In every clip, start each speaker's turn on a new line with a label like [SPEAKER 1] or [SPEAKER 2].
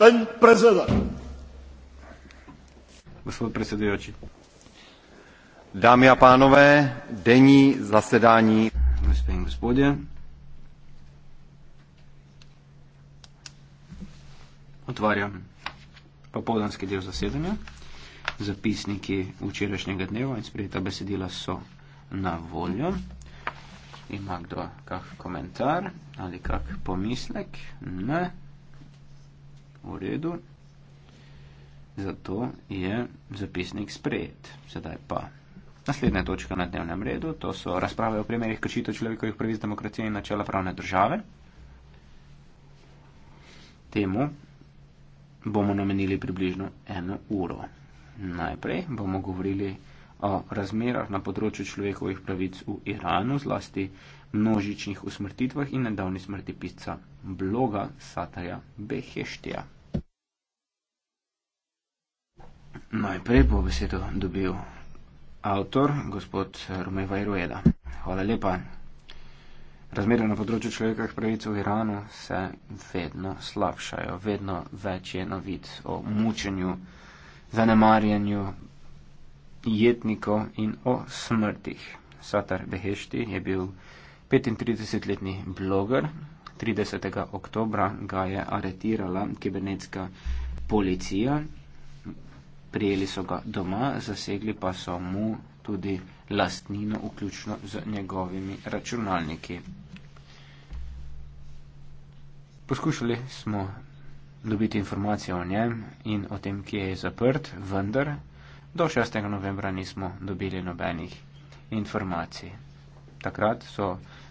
[SPEAKER 1] gospod predsedujoči. Gospod predsedujoči. Dámy a pánové, denní zasedání. Gospodje. Otvarjam popoldanski del zasedanja. Zapisniki včerajšnjega dneva in sprejeta besedila so na voljo. Ima kdo kak komentar ali kak pomislek? Ne. V redu. Zato je zapisnik sprejet. Sedaj pa naslednja točka na dnevnem redu. To so razprave o primerih kršitev človekovih pravic demokracije in načela pravne države. Temu bomo namenili približno eno uro. Najprej bomo govorili o razmerah na področju človekovih pravic v Iranu, zlasti množičnih usmrtitvah in nedavni smrti pisca bloga Satarja Beheštija. Najprej bo besedo dobil avtor, gospod Rumej Vajrueda. Hvala lepa. Razmere na področju človekovih pravic v Iranu se vedno slabšajo, vedno več je na vid o mučenju, zanemarjanju jetnikov in o smrtih. Satar Behešti je bil 35-letni bloger, 30. oktobra ga je aretirala kibernetska policija, prijeli so ga doma, zasegli pa so mu tudi lastnino, vključno z njegovimi računalniki. Poskušali smo dobiti informacije o njem in o tem, kje je zaprt, vendar do 6. novembra nismo dobili nobenih informacij. Takrat so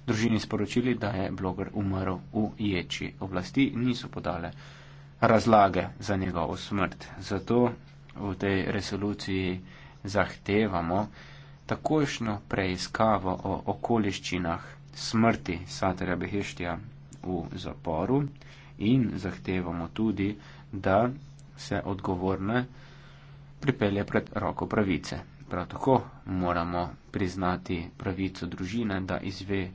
[SPEAKER 1] družini sporočili, da je bloger umrl v ječi. Oblasti niso podale razlage za njegovo smrt. Zato v tej resoluciji zahtevamo takošno preiskavo o okoliščinah smrti Satera Beheštja v zaporu in zahtevamo tudi, da se odgovorne pripelje pred roko pravice prav tako moramo priznati pravico družine, da izve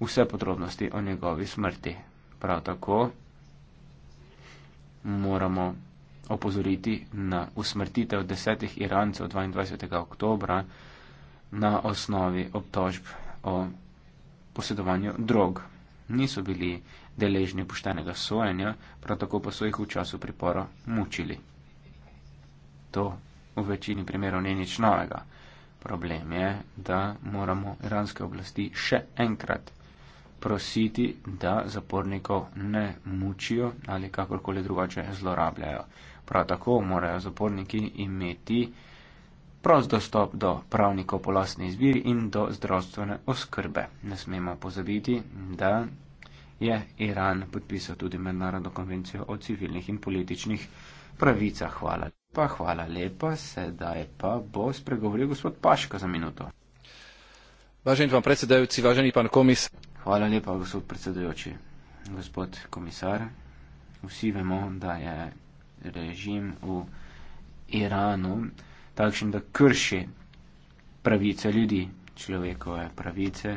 [SPEAKER 1] vse podrobnosti o njegovi smrti. Prav tako moramo opozoriti na usmrtitev desetih Irancev 22. oktobra na osnovi obtožb o posedovanju drog. Niso bili deležni poštenega sojenja, prav tako pa so jih v času pripora mučili. To v večini primerov ni nič novega. Problem je, da moramo iranske oblasti še enkrat prositi, da zapornikov ne mučijo ali kakorkoli drugače zlorabljajo. Prav tako morajo zaporniki imeti prost dostop do pravnikov po lastni izbiri in do zdravstvene oskrbe. Ne smemo pozabiti, da je Iran podpisal tudi mednarodno konvencijo o civilnih in političnih pravicah. Hvala. Pa hvala lepa, sedaj pa bo spregovoril gospod Paška za minuto. Važen vam predsedajoči, važen pan komis. Hvala lepa, gospod predsedajoči. Gospod komisar, vsi vemo, da je režim v Iranu takšen, da krši pravice ljudi, človekove pravice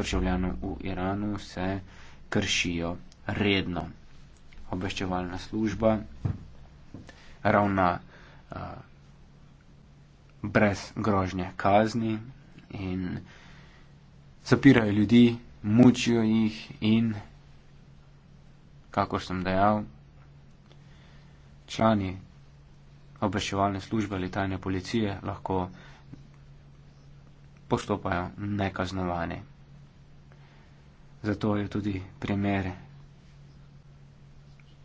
[SPEAKER 1] državljanov v Iranu se kršijo redno. Obveščevalna služba ravna brez grožnje kazni in zapirajo ljudi, mučijo jih in, kako sem dejal, člani obveščevalne službe ali tajne policije lahko postopajo nekaznovani. Zato je tudi primer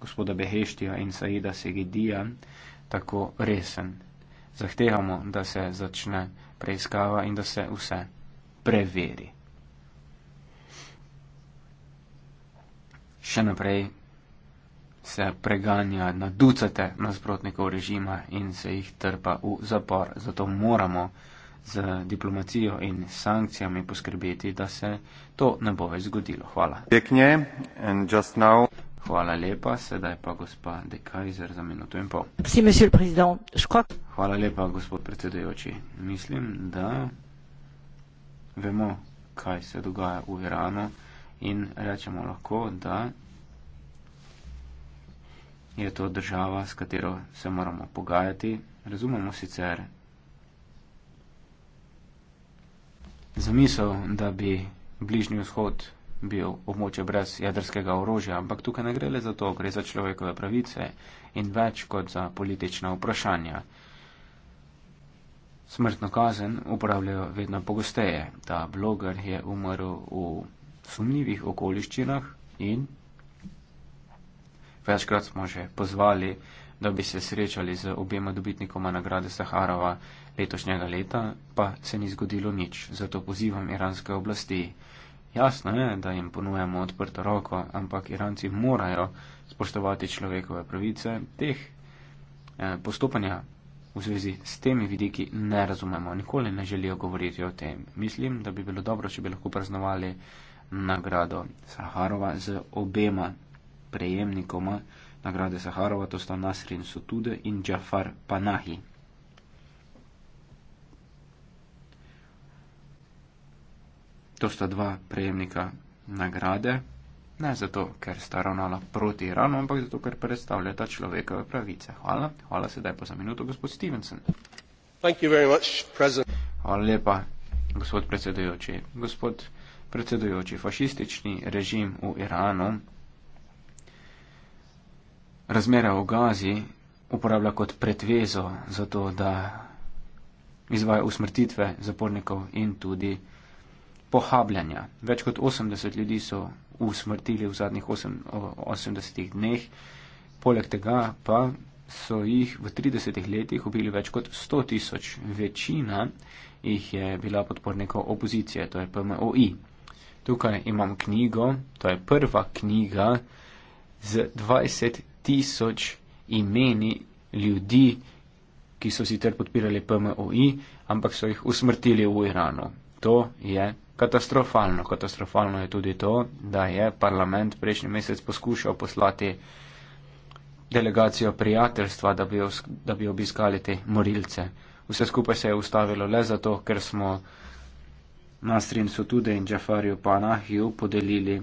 [SPEAKER 1] gospoda Beheštija in Saida Segedija, tako resen. Zahtevamo, da se začne preiskava in da se vse preveri. Še naprej se preganja na ducete nasprotnikov režima in se jih trpa v zapor. Zato moramo z diplomacijo in sankcijami poskrbeti, da se to ne bo več zgodilo. Hvala. Hvala lepa, sedaj pa gospa Dekajzer za minuto in pol.
[SPEAKER 2] Psi, monsieur president, je crois... škod.
[SPEAKER 1] Hvala lepa, gospod predsedujoči. Mislim, da vemo, kaj se dogaja v Iranu in rečemo lahko, da je to država, s katero se moramo pogajati. Razumemo sicer zamisel, da bi bližnji vzhod bil območje brez jedrskega orožja, ampak tukaj ne gre le za to, gre za človekove pravice in več kot za politična vprašanja. Smrtno kazen uporabljajo vedno pogosteje. Ta bloger je umrl v sumljivih okoliščinah in večkrat smo že pozvali, da bi se srečali z objema dobitnikoma nagrade Saharova letošnjega leta, pa se ni zgodilo nič. Zato pozivam iranske oblasti, Jasno je, da jim ponujemo odprto roko, ampak Iranci morajo spoštovati človekove pravice. Teh eh, postopanja v zvezi s temi vidiki ne razumemo. Nikoli ne želijo govoriti o tem. Mislim, da bi bilo dobro, če bi lahko praznovali nagrado Saharova z obema prejemnikoma. Nagrade Saharova to sta Nasrin Sotude in Džafar Panahi. To sta dva prejemnika nagrade, ne zato, ker sta ravnala proti Iranu, ampak zato, ker predstavljata človekove pravice. Hvala. Hvala sedaj pa za minuto, gospod Stevenson.
[SPEAKER 2] Much,
[SPEAKER 1] Hvala lepa, gospod predsedujoči. Gospod predsedujoči, fašistični režim v Iranu razmere v Gazi uporablja kot pretvezo za to, da izvaja usmrtitve zapornikov in tudi pohabljanja. Več kot 80 ljudi so usmrtili v zadnjih 8, 80 dneh, poleg tega pa so jih v 30 letih ubili več kot 100 tisoč. Večina jih je bila podpornikov opozicije, to je PMOI. Tukaj imam knjigo, to je prva knjiga z 20 tisoč imeni ljudi, ki so sicer podpirali PMOI, ampak so jih usmrtili v Iranu. To je katastrofalno. Katastrofalno je tudi to, da je parlament prejšnji mesec poskušal poslati delegacijo prijateljstva, da bi, da bi obiskali te morilce. Vse skupaj se je ustavilo le zato, ker smo Nasrin Sotude in Džafarju Panahiju podelili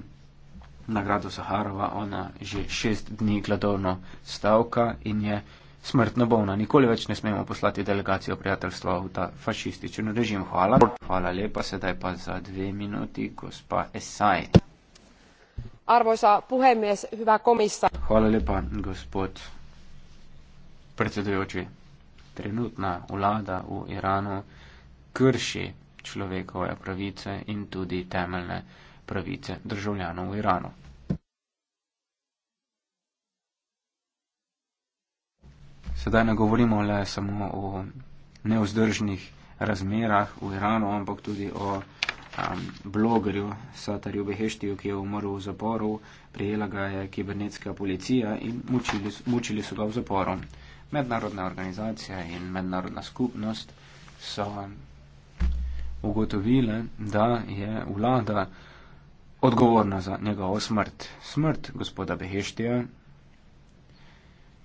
[SPEAKER 1] nagrado Saharova. Ona že šest dni gladovno stavka in je smrtno bolna. Nikoli več ne smemo poslati delegacijo prijateljstva v ta fašističen režim. Hvala. Hvala lepa, sedaj pa za dve minuti, gospa Esaj.
[SPEAKER 2] Arvoisa puhemies, hyvä komissar.
[SPEAKER 1] Hvala lepa, gospod predsedujoči. Trenutna vlada v Iranu krši človekove pravice in tudi temeljne pravice državljanov v Iranu. Sedaj ne govorimo le samo o neozdržnih razmerah v Iranu, ampak tudi o um, blogerju Satarju Beheštiju, ki je umrl v zaporu, prijela ga je kibernetska policija in mučili, mučili so ga v zaporu. Mednarodna organizacija in mednarodna skupnost so ugotovile, da je vlada odgovorna za njegovo smrt. Smrt gospoda Beheštija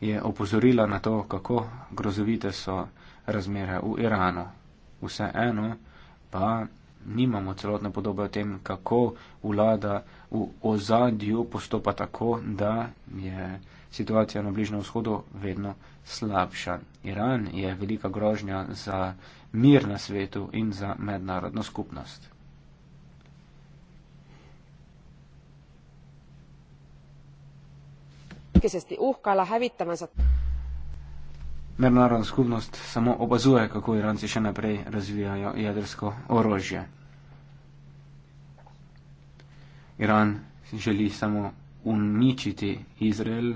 [SPEAKER 1] je opozorila na to, kako grozovite so razmere v Iranu. Vseeno pa nimamo celotne podobe o tem, kako vlada v ozadju postopa tako, da je situacija na Bližnem vzhodu vedno slabša. Iran je velika grožnja za mir na svetu in za mednarodno skupnost.
[SPEAKER 2] julijskesti uhkala hävitavansa.
[SPEAKER 1] Mednarodna skupnost samo opazuje, kako Iranci še naprej razvijajo jedrsko orožje. Iran želi samo uničiti Izrael,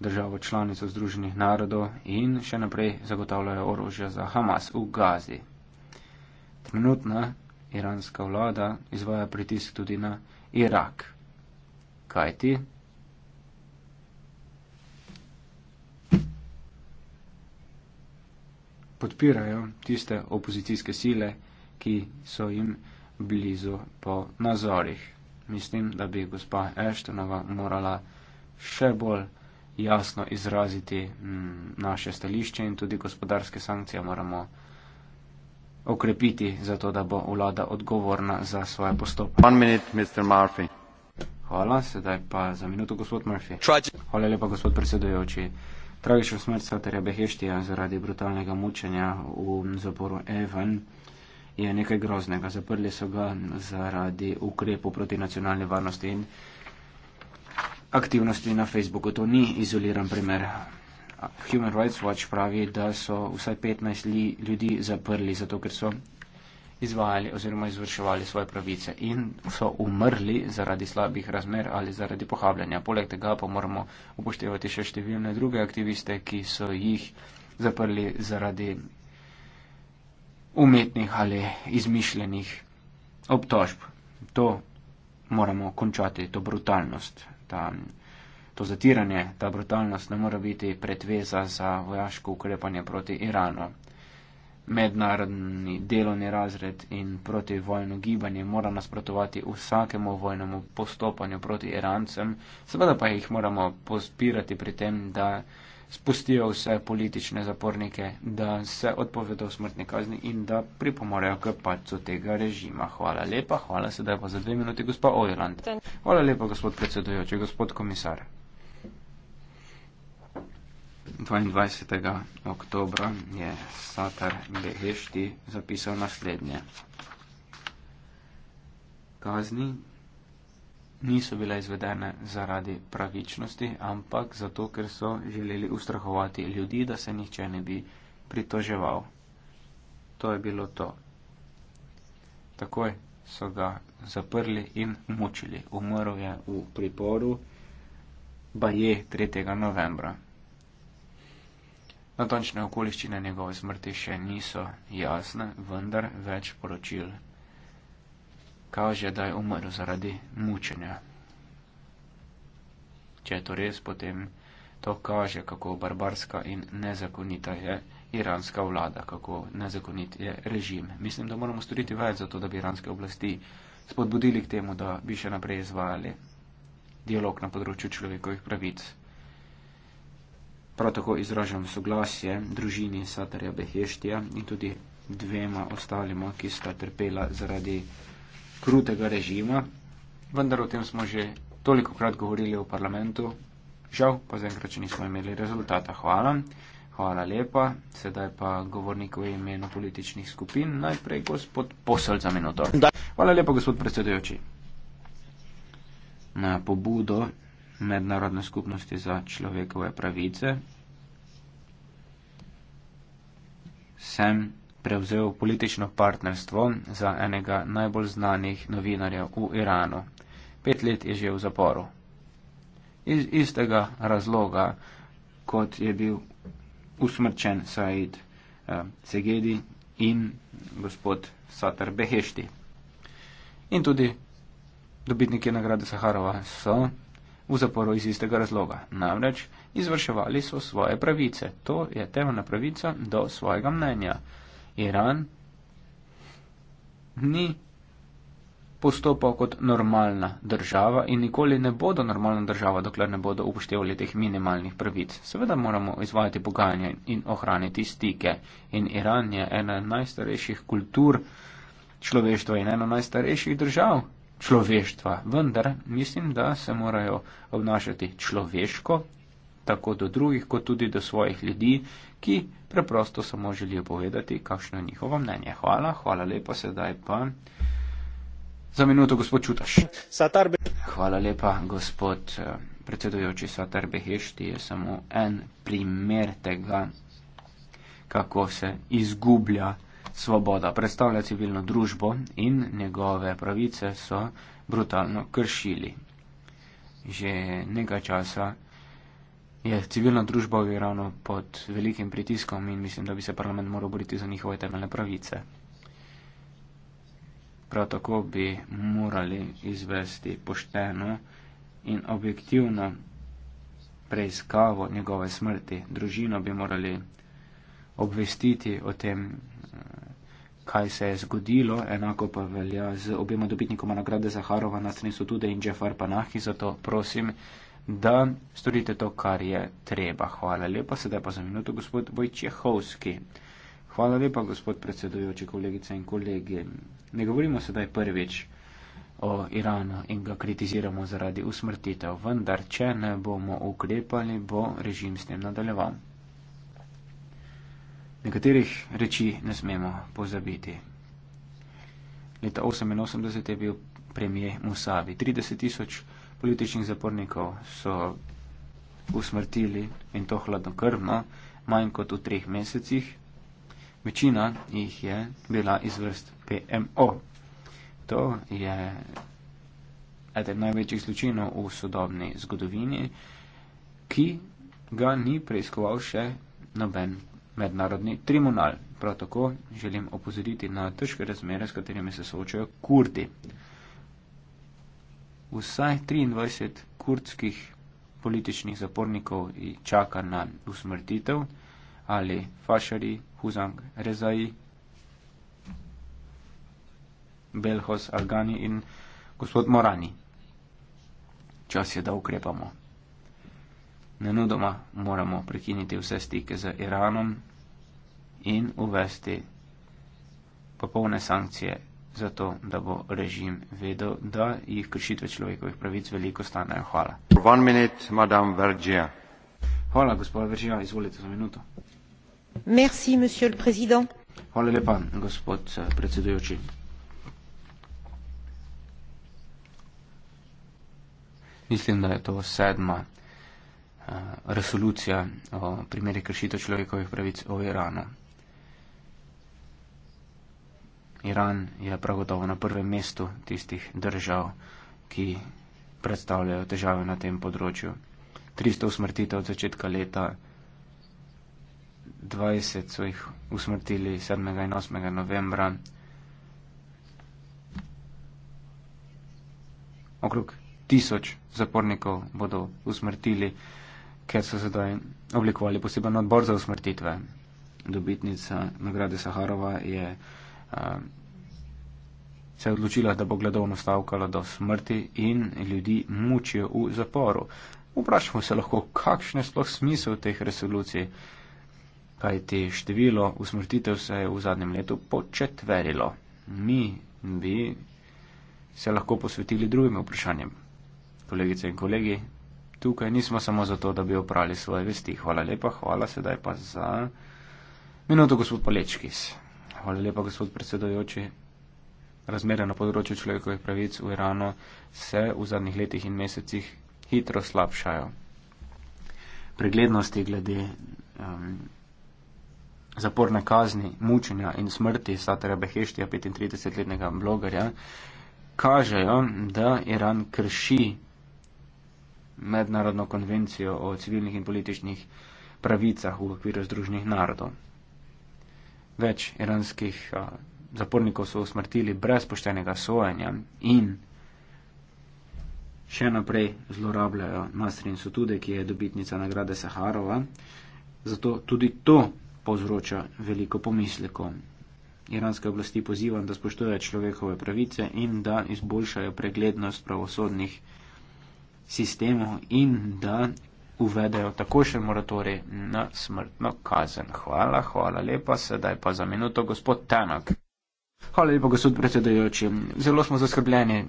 [SPEAKER 1] državo članico Združenih narodov in še naprej zagotavljajo orožje za Hamas v Gazi. Trenutna iranska vlada izvaja pritisk tudi na Irak. Kajti? podpirajo tiste opozicijske sile, ki so jim blizu po nazorih. Mislim, da bi gospa Eštonova morala še bolj jasno izraziti mm, naše stališče in tudi gospodarske sankcije moramo okrepiti, zato da bo vlada odgovorna za svoje postopke. One minute, Mr. Murphy. Hvala, sedaj pa za minuto, gospod Murphy. Hvala lepa, gospod predsedujoči tragično smrt Saterja Beheštija zaradi brutalnega mučenja v zaporu Evan je nekaj groznega. Zaprli so ga zaradi ukrepov proti nacionalni varnosti in aktivnosti na Facebooku. To ni izoliran primer. Human Rights Watch pravi, da so vsaj 15 ljudi zaprli, zato ker so izvajali oziroma izvrševali svoje pravice in so umrli zaradi slabih razmer ali zaradi pohabljanja. Poleg tega pa moramo upoštevati še številne druge aktiviste, ki so jih zaprli zaradi umetnih ali izmišljenih obtožb. To moramo končati, to brutalnost, ta, to zatiranje, ta brutalnost ne more biti pretveza za vojaško ukrepanje proti Iranu mednarodni delovni razred in proti vojno gibanje mora nasprotovati vsakemu vojnemu postopanju proti Irancem, seveda pa jih moramo pospirati pri tem, da spustijo vse politične zapornike, da se odpovedo v smrtni kazni in da pripomorejo k palcu tega režima. Hvala lepa, hvala sedaj pa za dve minuti, gospod Ojland. Hvala lepa, gospod predsedujoči, gospod komisar. 22. oktober je Satar Behešti zapisal naslednje. Kazni niso bile izvedene zaradi pravičnosti, ampak zato, ker so želeli ustrahovati ljudi, da se nihče ne bi pritoževal. To je bilo to. Takoj so ga zaprli in mučili. Umrl je v priporu. Baje 3. novembra Natančne okoliščine njegove smrti še niso jasne, vendar več poročil kaže, da je umrl zaradi mučenja. Če je to res, potem to kaže, kako barbarska in nezakonita je iranska vlada, kako nezakonit je režim. Mislim, da moramo storiti več za to, da bi iranske oblasti spodbudili k temu, da bi še naprej izvajali dialog na področju človekovih pravic. Prav tako izražam soglasje družini Satarja Beheštija in tudi dvema ostalima, ki sta trpela zaradi krutega režima. Vendar o tem smo že toliko krat govorili v parlamentu. Žal pa zaenkrat, če nismo imeli rezultata. Hvala. Hvala lepa. Sedaj pa govornik v imenu političnih skupin. Najprej gospod Posel za minuto. Hvala lepa, gospod predsedujoči. Na pobudo mednarodne skupnosti za človekove pravice, sem prevzel politično partnerstvo za enega najbolj znanih novinarjev v Iranu. Pet let je že v zaporu. Iz istega razloga, kot je bil usmrčen Said eh, Segedi in gospod Satar Behešti. In tudi dobitniki nagrade Saharova so v zaporu iz istega razloga. Namreč izvrševali so svoje pravice. To je temeljna pravica do svojega mnenja. Iran ni postopal kot normalna država in nikoli ne bodo normalna država, dokler ne bodo upoštevali teh minimalnih pravic. Seveda moramo izvajati pogajanja in ohraniti stike. In Iran je ena najstarejših kultur človeštva in ena najstarejših držav človeštva. Vendar mislim, da se morajo obnašati človeško, tako do drugih, kot tudi do svojih ljudi, ki preprosto samo želijo povedati, kakšno je njihovo mnenje. Hvala, hvala lepa, sedaj pa. Za minuto, gospod Čutaš. Satarbe. Hvala lepa, gospod eh, predsedujoči Satarbehešti. Je samo en primer tega, kako se izgublja svoboda predstavlja civilno družbo in njegove pravice so brutalno kršili. Že nekaj časa je civilna družba v Iranu pod velikim pritiskom in mislim, da bi se parlament moral boriti za njihove temeljne pravice. Prav tako bi morali izvesti pošteno in objektivno preiskavo njegove smrti. Družino bi morali obvestiti o tem kaj se je zgodilo, enako pa velja z obema dobitnikoma nagrade Zaharova na strani Sotude in Jeffar Panahi, zato prosim, da storite to, kar je treba. Hvala lepa, sedaj pa za minuto gospod Vojčehovski. Hvala lepa, gospod predsedujoči, kolegice in kolegi. Ne govorimo sedaj prvič o Iranu in ga kritiziramo zaradi usmrtitev, vendar če ne bomo ukrepali, bo režim s tem nadaljeval. Nekaterih reči ne smemo pozabiti. Leta 1988 je bil premijer Musavi. 30 tisoč političnih zapornikov so usmrtili in to hladnokrvno, manj kot v treh mesecih. Večina jih je bila iz vrst PMO. To je eden največjih zločinov v sodobni zgodovini, ki ga ni preiskoval še noben mednarodni tribunal. Prav tako želim opozoriti na težke razmere, s katerimi se soočajo kurdi. Vsaj 23 kurdskih političnih zapornikov čaka na usmrtitev ali fašari, huzang, rezaji, belhos, algani in gospod Morani. Čas je, da ukrepamo nenudoma moramo prekiniti vse stike z Iranom in uvesti popolne sankcije za to, da bo režim vedel, da jih kršitve človekovih pravic veliko stanejo. Hvala. Minute, Hvala, gospod Veržija, izvolite za minuto. Merci, Hvala lepa, gospod eh, predsedujoči. Mislim, da je to sedma Eh, resolucija o primeri kršitev človekovih pravic o Iranu. Iran je prav gotovo na prvem mestu tistih držav, ki predstavljajo težave na tem področju. 300 usmrtitev od začetka leta, 20 so jih usmrtili 7. in 8. novembra. Okrog tisoč zapornikov bodo usmrtili ker so sedaj oblikovali poseben odbor za usmrtitve. Dobitnica nagrade Saharova je uh, se odločila, da bo gledovno stavkala do smrti in ljudi mučijo v zaporu. Vprašamo se lahko, kakšen je sploh smisel teh resolucij, kajti število usmrtitev se je v zadnjem letu početverilo. Mi bi se lahko posvetili drugim vprašanjem. Kolegice in kolegi, tukaj nismo samo zato, da bi oprali svoje vesti. Hvala lepa, hvala sedaj pa za minuto, gospod Polečkis. Hvala lepa, gospod predsedojoči. Razmere na področju človekovih pravic v Iranu se v zadnjih letih in mesecih hitro slabšajo. Preglednosti glede um, zaporne kazni, mučenja in smrti Satara Beheštija, 35-letnega blogerja, kažejo, da Iran krši mednarodno konvencijo o civilnih in političnih pravicah v okviru Združenih narodov. Več iranskih a, zapornikov so usmrtili brez poštenega sojenja in še naprej zlorabljajo Nasrin Sotude, ki je dobitnica nagrade Saharova, zato tudi to povzroča veliko pomislekov. Iranske oblasti pozivam, da spoštujejo človekove pravice in da izboljšajo preglednost pravosodnih pravic sistemu in da uvedejo tako še moratori na smrtno kazen. Hvala, hvala lepa, sedaj pa za minuto gospod Tanak. Hvala lepa, gospod predsedujoči. Zelo smo zaskrbljeni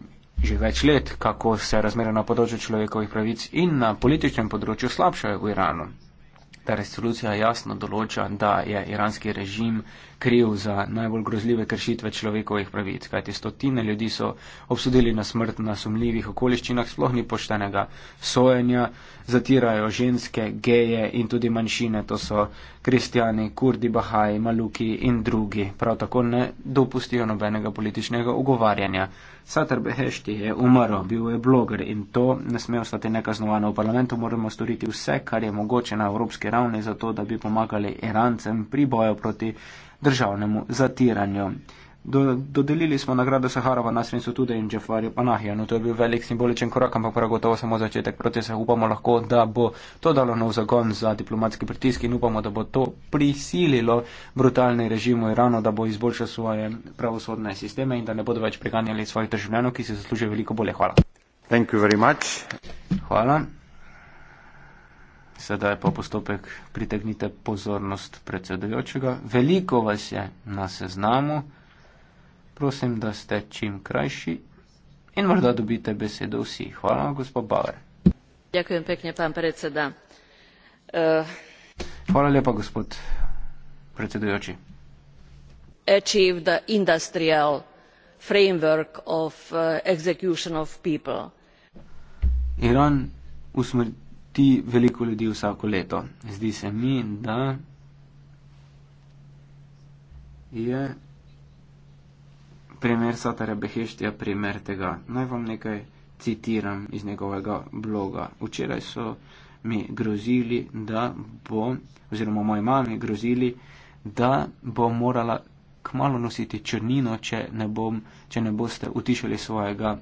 [SPEAKER 1] že več let, kako se razmere na področju človekovih pravic in na političnem področju slabšajo v Iranu ta resolucija jasno določa, da je iranski režim kriv za najbolj grozljive kršitve človekovih pravic, kajti stotine ljudi so obsodili na smrt na sumljivih okoliščinah, sploh ni poštenega sojenja zatirajo ženske, geje in tudi manjšine, to so kristijani, kurdi, bahaji, maluki in drugi. Prav tako ne dopustijo nobenega političnega ugovarjanja. Satar Behešti je umrl, bil je bloger in to ne sme ostati nekaznovano. V parlamentu moramo storiti vse, kar je mogoče na evropski ravni, zato da bi pomagali Irancem pri boju proti državnemu zatiranju. Do, dodelili smo nagrado Saharova nasrincu tudi in Džefarju Panahijanu. No, to je bil velik simboličen korak, ampak prav gotovo samo začetek procesa. Upamo lahko, da bo to dalo nov zagon za diplomatski pritisk in upamo, da bo to prisililo brutalni režim v Iranu, da bo izboljšal svoje pravosodne sisteme in da ne bodo več preganjali svojih državljanov, ki se zaslužijo veliko bolje. Hvala. Hvala. Sedaj pa postopek pritegnite pozornost predsedujočega. Veliko vas je na seznamu prosim, da ste čim krajši in morda dobite besedo vsi. Hvala, gospod Bauer. Ďakujem pekne, pán predseda. Uh... Hvala lepa, gospod predsedujoči.
[SPEAKER 2] Achieve industrial framework of uh, execution of people.
[SPEAKER 1] Iran usmrti veliko ljudi vsako leto. Zdi se mi, da je primer Satare Behešt je primer tega. Naj vam nekaj citiram iz njegovega bloga. Včeraj so mi grozili, da bo, oziroma moji mami grozili, da bo morala kmalo nositi črnino, če ne, bom, če ne boste utišali svojega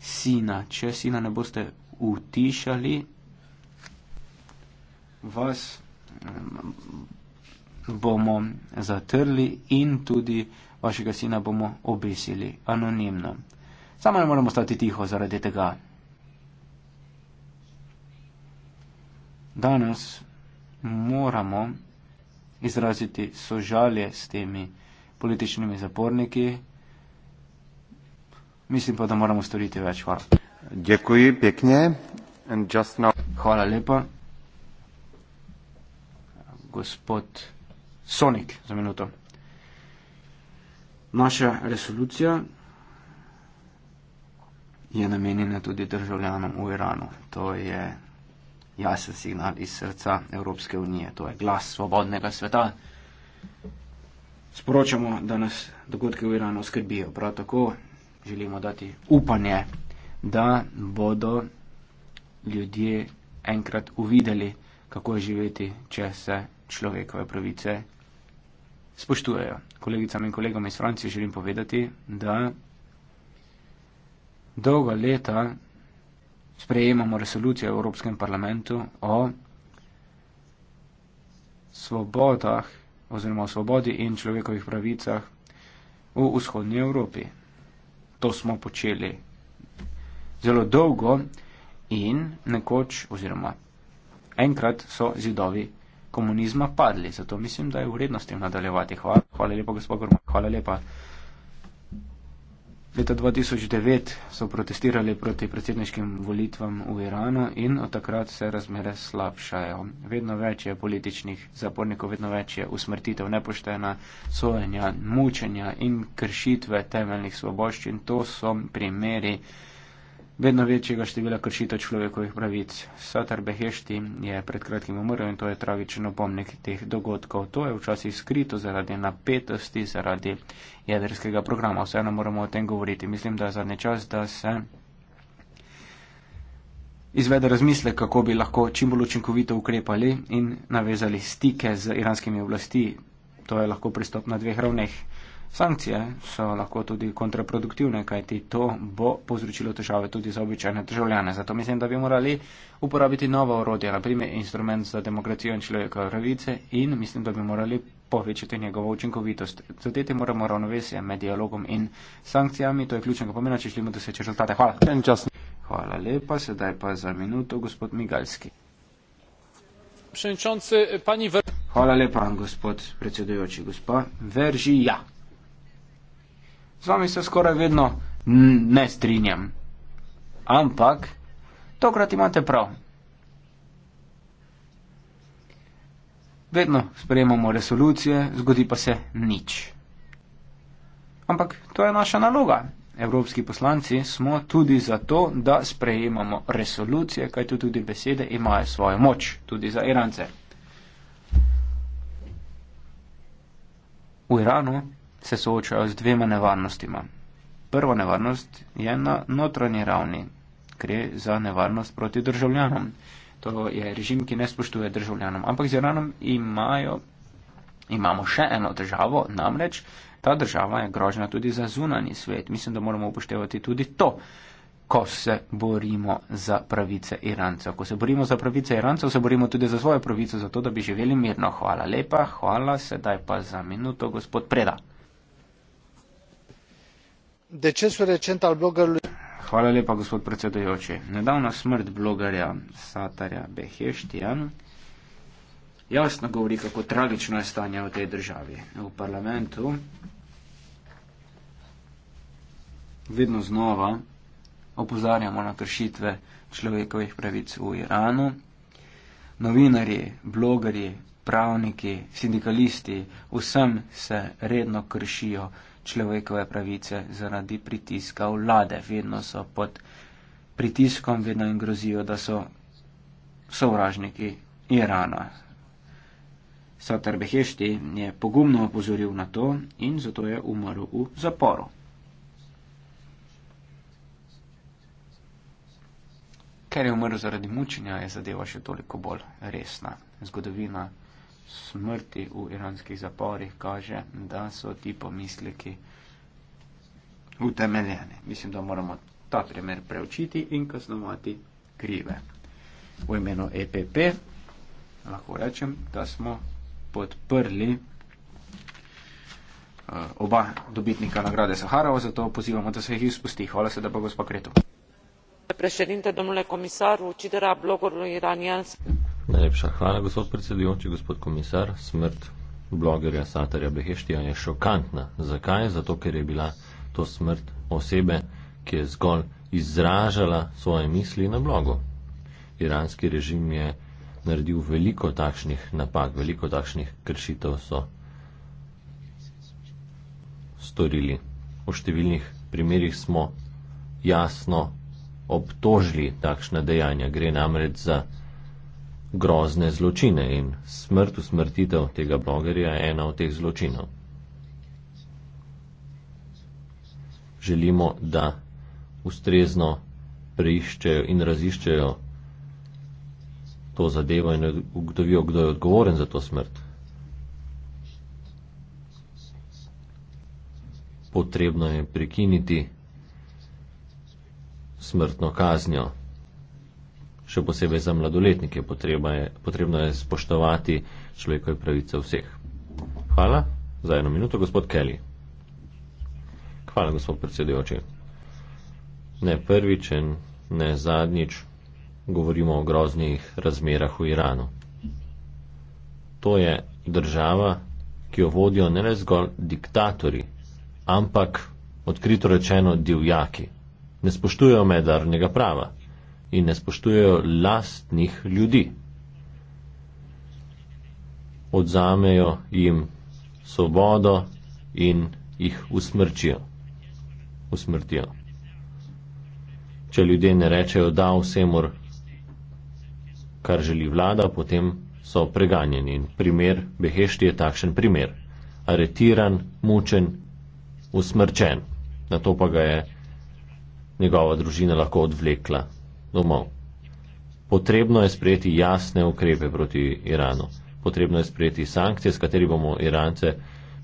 [SPEAKER 1] sina. Če sina ne boste utišali, vas bomo zatrli in tudi vašega sina bomo obesili anonimno. Samo ne moremo stati tiho zaradi tega. Danes moramo izraziti sožalje s temi političnimi zaporniki. Mislim pa, da moramo storiti več. Hvala. Now... Hvala lepa. Gospod Sonik, za minuto. Naša resolucija je namenjena tudi državljanom v Iranu. To je jasen signal iz srca Evropske unije, to je glas svobodnega sveta. Sporočamo, da nas dogodke v Iranu skrbijo. Prav tako želimo dati upanje, da bodo ljudje enkrat uvideli, kako je živeti, če se človekove pravice spoštujejo. Kolegicam in kolegom iz Francije želim povedati, da dolgo leta sprejemamo resolucijo v Evropskem parlamentu o svobodah oziroma o svobodi in človekovih pravicah v vzhodnji Evropi. To smo počeli zelo dolgo in nekoč oziroma enkrat so zidovi komunizma padli. Zato mislim, da je vredno s tem nadaljevati. Hvala, hvala lepa, gospod Gorman. Hvala lepa. Leta 2009 so protestirali proti predsedniškim volitvam v Iranu in od takrat se razmere slabšajo. Vedno več je političnih zapornikov, vedno več je usmrtitev, nepoštena sojenja, mučenja in kršitve temeljnih svoboščin. To so primeri vedno večjega števila kršitev človekovih pravic. Satar Behešti je pred kratkim umrl in to je tragičen opomnik teh dogodkov. To je včasih skrito zaradi napetosti, zaradi jedrskega programa. Vseeno moramo o tem govoriti. Mislim, da je zadnji čas, da se izvede razmisle, kako bi lahko čim bolj učinkovito ukrepali in navezali stike z iranskimi oblasti. To je lahko pristop na dveh ravneh. Sankcije so lahko tudi kontraproduktivne, kajti to bo povzročilo težave tudi za običajne državljane. Zato mislim, da bi morali uporabiti nova orodja, naprimer instrument za demokracijo in človekove pravice in mislim, da bi morali povečati njegovo učinkovitost. Zadeti moramo ravnovesje med dialogom in sankcijami, to je ključnega pomena, če želimo doseči rezultate. Hvala. Hvala lepa, sedaj pa za minuto gospod Migalski. Hvala lepa, gospod predsedujoči, gospa Veržija z vami se skoraj vedno ne strinjam. Ampak, tokrat imate prav. Vedno sprejemamo resolucije, zgodi pa se nič. Ampak to je naša naloga. Evropski poslanci smo tudi zato, da sprejemamo resolucije, kaj tudi besede imajo svojo moč, tudi za Irance. V Iranu se soočajo z dvema nevarnostima. Prva nevarnost je na notranji ravni, gre za nevarnost proti državljanom. To je režim, ki ne spoštuje državljanom. Ampak z Iranom imajo, imamo še eno državo, namreč ta država je grožna tudi za zunani svet. Mislim, da moramo upoštevati tudi to, ko se borimo za pravice Irancev. Ko se borimo za pravice Irancev, se borimo tudi za svojo pravico, zato da bi živeli mirno. Hvala lepa, hvala sedaj pa za minuto, gospod Preda
[SPEAKER 2] decesul recent al bloggerului
[SPEAKER 1] Hvala lepa, gospod predsedujoči. Nedavna smrt blogerja Satarja Beheštijan jasno govori, kako tragično je stanje v tej državi. V parlamentu vedno znova opozarjamo na kršitve človekovih pravic v Iranu. Novinari, blogerji, pravniki, sindikalisti, vsem se redno kršijo človekove pravice zaradi pritiska vlade. Vedno so pod pritiskom, vedno jim grozijo, da so sovražniki Irana. Satar Behešti je pogumno opozoril na to in zato je umrl v zaporu. Ker je umrl zaradi mučenja, je zadeva še toliko bolj resna. Zgodovina smrti v iranskih zaporih kaže, da so ti pomisleki utemeljeni. Mislim, da moramo ta primer preučiti in kaznovati krive. V imenu EPP lahko rečem, da smo podprli eh, oba dobitnika nagrade Saharova, zato pozivamo, da se jih izpusti. Hvala se, da bo gospod Kretov. Președinte, domnule comisar, uciderea blogurilor iranienske.
[SPEAKER 2] Najlepša hvala, gospod predsedujoči, gospod komisar. Smrt blogerja Satarja Beheštija je šokantna. Zakaj? Zato, ker je bila to smrt osebe, ki je zgolj izražala svoje misli na blogu. Iranski režim je naredil veliko takšnih napak, veliko takšnih kršitev so storili. V številnih primerjih smo jasno obtožili takšna dejanja. Gre namreč za grozne zločine in smrt usmrtitev tega blogerja je ena od teh zločinov. Želimo, da ustrezno preiščejo in raziščejo to zadevo in ugotovijo, kdo je odgovoren za to smrt. Potrebno je prekiniti smrtno kaznjo še posebej za mladoletnike, je, potrebno je spoštovati človekove pravice vseh. Hvala za eno minuto, gospod Kelly. Hvala, gospod predsedujoči. Ne prvič in ne zadnjič govorimo o groznih razmerah v Iranu. To je država, ki jo vodijo ne le zgolj diktatori, ampak odkrito rečeno divjaki. Ne spoštujejo medarnega prava in ne spoštujejo lastnih ljudi. Odzamejo jim svobodo in jih usmrčijo. usmrtijo. Če ljudje ne rečejo da vsemu, kar želi vlada, potem so preganjeni. In primer Behešti je takšen primer. Aretiran, mučen, usmrčen. Na to pa ga je njegova družina lahko odvlekla domov. Potrebno je sprejeti jasne ukrepe proti Iranu. Potrebno je sprejeti sankcije, s kateri bomo Irance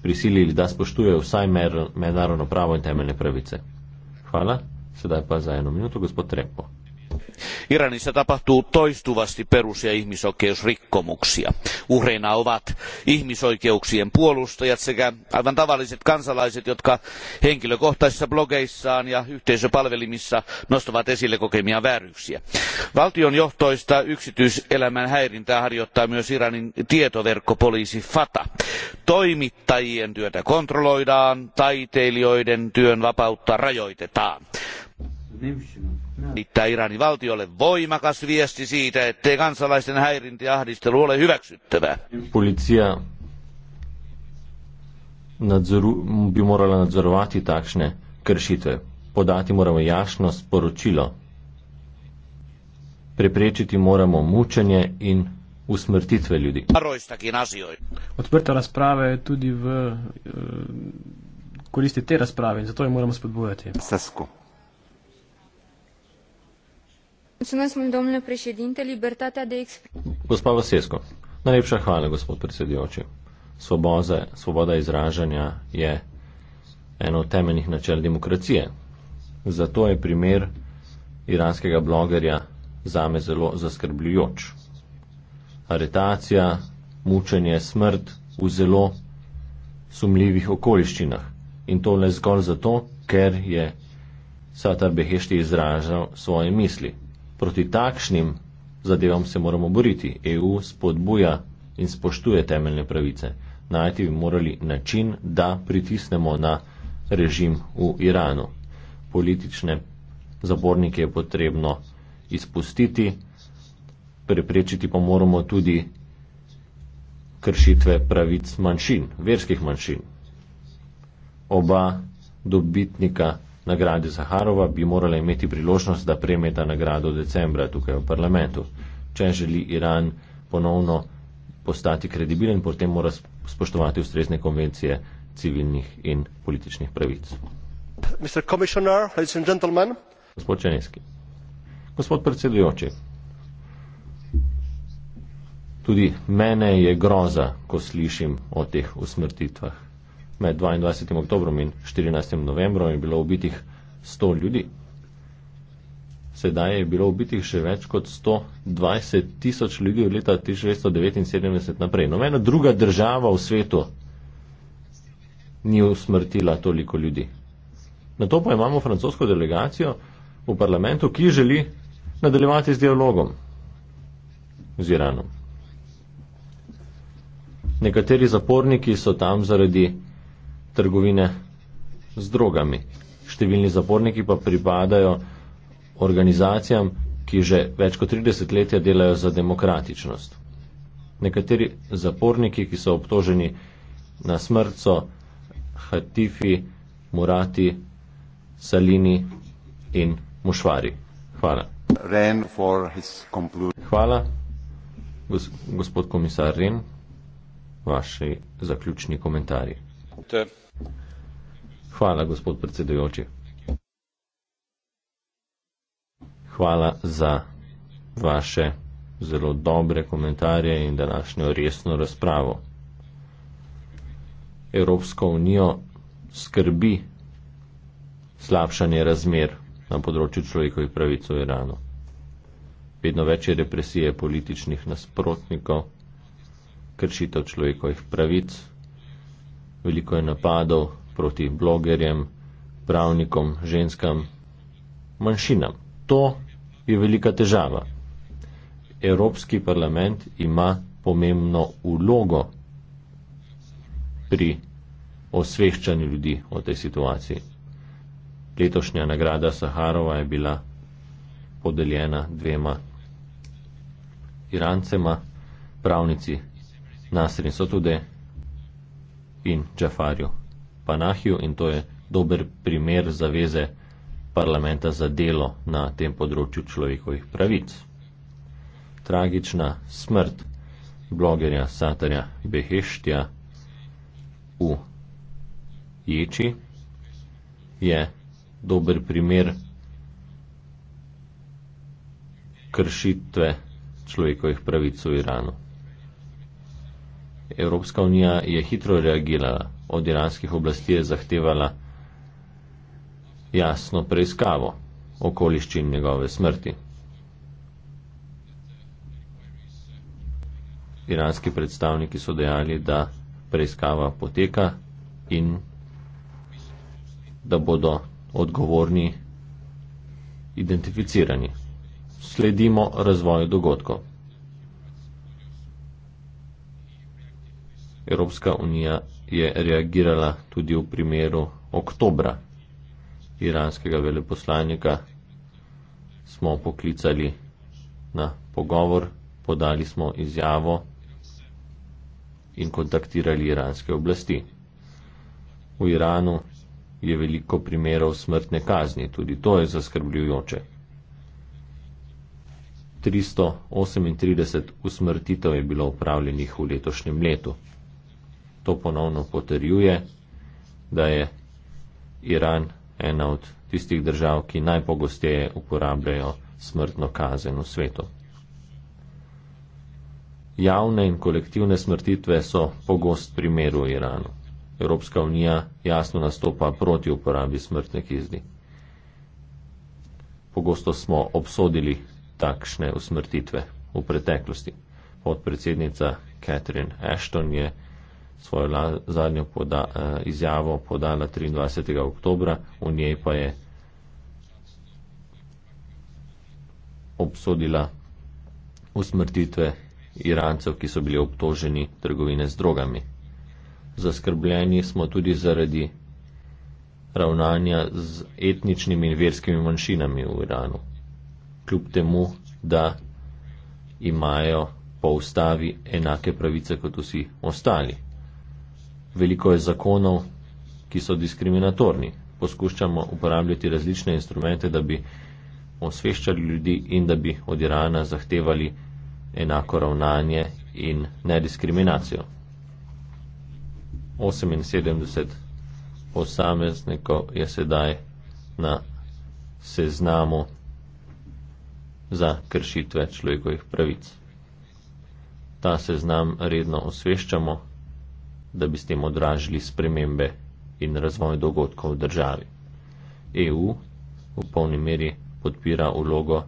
[SPEAKER 2] prisilili, da spoštujejo vsaj mednarodno pravo in temeljne pravice. Hvala. Sedaj pa za eno minuto, gospod Trepo iranissa tapahtuu toistuvasti perus ja ihmisoikeusrikkomuksia. uhreina
[SPEAKER 1] ovat ihmisoikeuksien puolustajat sekä aivan tavalliset kansalaiset jotka henkilökohtaisissa blogeissaan ja yhteisöpalvelimissa nostavat esille kokemia vääryyksiä. valtionjohtoista yksityiselämän häirintää harjoittaa myös iranin tietoverkkopoliisi fata. toimittajien työtä kontrolloidaan taiteilijoiden työn vapautta rajoitetaan. Ne välittää Iranin valtiolle voimakas viesti siitä, ettei kansalaisten häirinti ja ahdistelu ole hyväksyttävää.
[SPEAKER 2] Polizia nadzoru, bi morala nadzorovati takšne kršitve. Podati moramo jasno sporočilo. Preprečiti moramo mučenje in usmrtitve ljudi.
[SPEAKER 1] Odprta razprava je tudi v eh, koristi te
[SPEAKER 2] razprave in zato jo moramo spodbujati. Sesko. Gospa Vasesko, najlepša hvala, gospod predsedujoči. Svoboze, svoboda izražanja je eno od temeljnih načel demokracije. Zato je primer iranskega blogerja zame zelo zaskrbljujoč. Aretacija, mučenje, smrt v zelo sumljivih okoliščinah. In to le zgolj zato, ker je Satar Beheshti izražal svoje misli. Proti takšnim zadevam se moramo boriti. EU spodbuja in spoštuje temeljne pravice. Najti bi morali način, da pritisnemo na režim v Iranu. Politične zabornike je potrebno izpustiti, preprečiti pa moramo tudi kršitve pravic manjšin, verskih manjšin. Oba dobitnika nagrade Zaharova bi morala imeti priložnost, da premeta nagrado decembra tukaj v parlamentu. Če želi Iran ponovno postati kredibilen, potem mora spoštovati ustrezne konvencije civilnih in političnih pravic. Gospod Čeneski. Gospod predsedujoči. Tudi mene je groza, ko slišim o teh usmrtitvah med 22. oktobrom in 14. novembrom je bilo ubitih 100 ljudi. Sedaj je bilo ubitih še več kot 120 tisoč ljudi od leta 1979 naprej. Nobena druga država v svetu ni usmrtila toliko ljudi. Na to pa imamo francosko delegacijo v parlamentu, ki želi nadaljevati z dialogom z Iranom. Nekateri zaporniki so tam zaradi trgovine z drogami. Številni zaporniki pa pripadajo organizacijam, ki že več kot 30 let ja delajo za demokratičnost. Nekateri zaporniki, ki so obtoženi na smrt, so Hatifi, Murati, Salini in Mušvari. Hvala. Hvala, gos gospod komisar Ren, vaši zaključni komentarji. Te. Hvala, gospod predsedujoči. Hvala za vaše zelo dobre komentarje in današnjo resno razpravo. Evropsko unijo skrbi slabšanje razmer na področju človekovih pravic v Iranu. Vedno več je represije političnih nasprotnikov, kršitev človekovih pravic, veliko je napadov proti blogerjem, pravnikom, ženskam, manjšinam. To je velika težava. Evropski parlament ima pomembno ulogo pri osveščanju ljudi o tej situaciji. Letošnja nagrada Saharova je bila podeljena dvema Irancema, pravnici Nasrin Sotude in Džafarju Panahiju in to je dober primer zaveze parlamenta za delo na tem področju človekovih pravic. Tragična smrt blogerja Satarja Beheštja v Ječi je dober primer kršitve človekovih pravic v Iranu. Evropska unija je hitro reagirala od iranskih oblasti je zahtevala jasno preiskavo okoliščin njegove smrti. Iranski predstavniki so dejali, da preiskava poteka in da bodo odgovorni identificirani. Sledimo razvoju dogodkov. Evropska unija je reagirala tudi v primeru oktobra iranskega veleposlanika. Smo poklicali na pogovor, podali smo izjavo in kontaktirali iranske oblasti. V Iranu je veliko primerov smrtne kazni, tudi to je zaskrbljujoče. 338 usmrtitev je bilo upravljenih v letošnjem letu to ponovno potrjuje, da je Iran ena od tistih držav, ki najpogosteje uporabljajo smrtno kazen v svetu. Javne in kolektivne smrtitve so pogost primer v Iranu. Evropska unija jasno nastopa proti uporabi smrtne kizni. Pogosto smo obsodili takšne usmrtitve v preteklosti. Podpredsednica Catherine Ashton je svojo la, zadnjo poda, eh, izjavo podala 23. oktober, v njej pa je obsodila usmrtitve Irancev, ki so bili obtoženi trgovine z drogami. Zaskrbljeni smo tudi zaradi ravnanja z etničnimi in verskimi manjšinami v Iranu, kljub temu, da imajo po ustavi enake pravice kot vsi ostali veliko je zakonov, ki so diskriminatorni. Poskušamo uporabljati različne instrumente, da bi osveščali ljudi in da bi od Irana zahtevali enako ravnanje in nediskriminacijo. 78 posameznikov je sedaj na seznamu za kršitve človekovih pravic. Ta seznam redno osveščamo da bi s tem odražili spremembe in razvoj dogodkov v državi. EU v polni meri podpira ulogo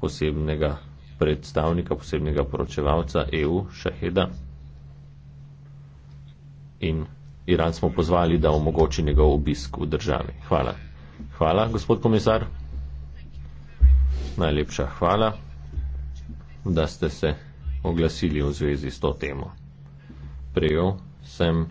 [SPEAKER 2] posebnega predstavnika, posebnega poročevalca EU, Šaheda. In Iran smo pozvali, da omogoči njegov obisk v državi. Hvala. Hvala, gospod komisar. Najlepša hvala, da ste se oglasili v zvezi s to temo sprejel, sem